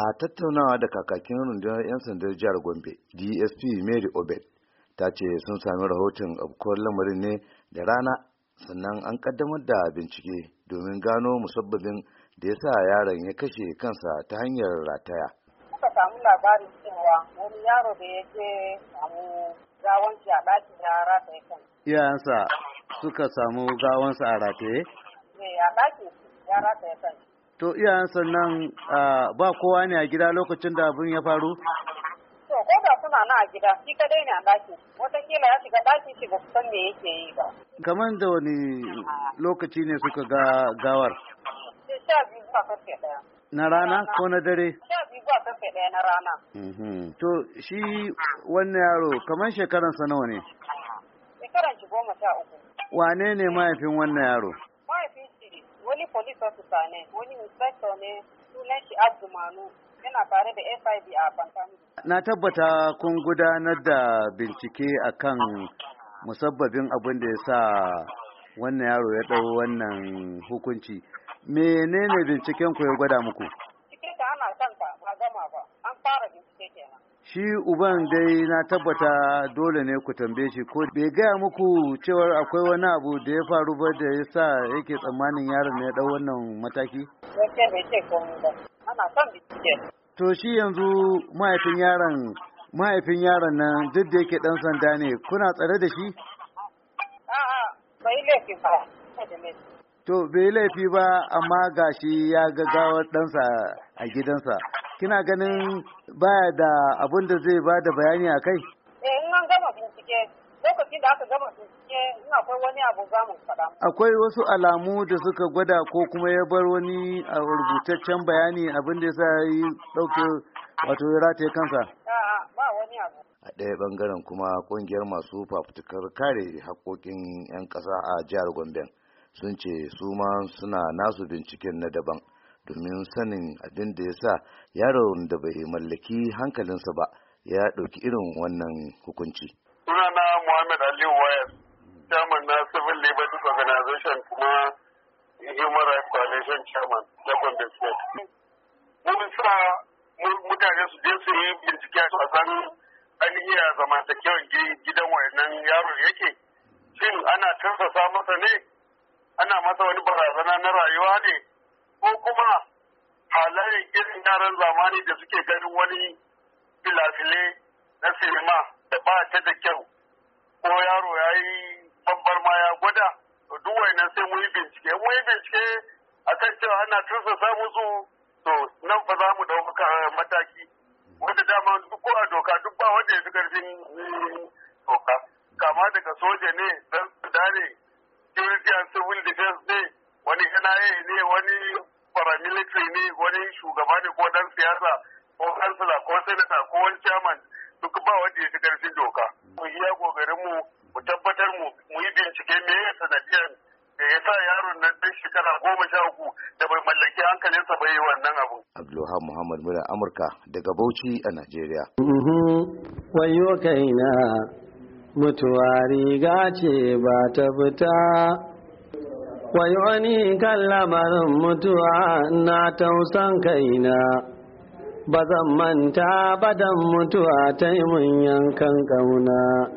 a tattaunawa da kakakin rundunar 'yan sandar jihar gombe dsp mary obed ta ce sun sami rahoton afkuwar lamarin ne da rana sannan an kaddamar da bincike domin gano musabbabin da ya sa yaron ya kashe kansa ta hanyar rataya kuka samu labarin cewa wani yaro da ya ke samu gawanci a ɗaki na rataye kan iyayensa suka samu gawansa a rataye? ne eh, a ɗaki ya rataye kan to iyayen sannan ba kowa ne a gida lokacin da abin ya faru to ko da suna na a gida shi kadai ne a daki watakila ya shiga daki shi ba san me yake yi ba kamar da wani lokaci ne suka ga gawar sha biyu zuwa karfe daya na rana ko na dare sha biyu zuwa karfe daya na rana mm-hmm. to shi wannan yaro kamar shekaransa nawa ne shekaran shi goma sha uku wane ne mahaifin wannan yaro officer ne wani inspector ne sunan shi abdu manu yana tare da fib a pantami na tabbata kun gudanar da bincike akan musabbabin abin da ya sa wannan yaro ya ɗau wannan hukunci menene binciken ku ya gwada muku shi uban dai na tabbata dole ne ku tambaye shi ko bai gaya muku cewar akwai wani abu da ya faru ba da ya sa yake tsammanin yaron ya dau wannan mataki? To shi yanzu mahaifin yaron mahaifin yaron nan duk da yake dan sanda ne kuna tsare da shi? To bai laifi ba amma gashi ya ga gawar ɗansa a gidansa. kina ganin baya da abin da zai ba da bayani a kai? Eh, in an gama bincike, lokacin da aka gama bincike in akwai wani abu za mu faɗa. Akwai wasu alamu da suka gwada ko kuma ya bar wani a rubutaccen bayani abin da ya sa yi ɗauke wato ya rataye kansa? Ba wani abu. A ɗaya ɓangaren kuma ƙungiyar masu fafutukar kare haƙoƙin 'yan ƙasa a jihar Gombe sun ce su ma suna nasu binciken na daban. domin sanin abin da ya sa yaron da bai mallaki hankalinsa ba ya ɗauki irin wannan hukunci. Sunana Muhammad Aliyu Wayan, chairman na Civil Liberties Organization kuma Human Rights Coalition chairman na Gombe State. Mun sa mutane su je su yi bincike su a san an iya zamantakewan gidan wayannan yaro yake. Shin ana tursasa masa ne? Ana masa wani barazana na rayuwa ne? ko kuma halayen irin yaran zamani da suke ganin wani filafile na sinima da ba ta da kyau ko yaro ya yi babbar ma ya gwada to duk wani sai mu yi bincike mu yi bincike kan cewa ana tursasa musu to nan fa za mu dauka mataki wanda dama duk ko a doka duk ba wanda ya fi ƙarfin doka kama daga soja ne dan sanda ne civil ne wani NIA ne wani paramilitary ne wani shugaba ne ko dan siyasa ko kansila ko senator ko wani chairman duk ba wanda ya fi karfin doka mu iya mu mu tabbatar mu mu yi bincike me ya sanadiyar da ya sa yaron nan ɗan shekara goma sha uku da bai mallaki hankalinsa bai yi wannan abu. Abdulhamid Muhammad muna Amurka daga Bauchi a Najeriya. Wayo kaina mutuwa riga ce ba ta fita wani kan lamarin mutuwa na tausan kaina ba zan manta badan mutuwa ta yi mun yankan ƙauna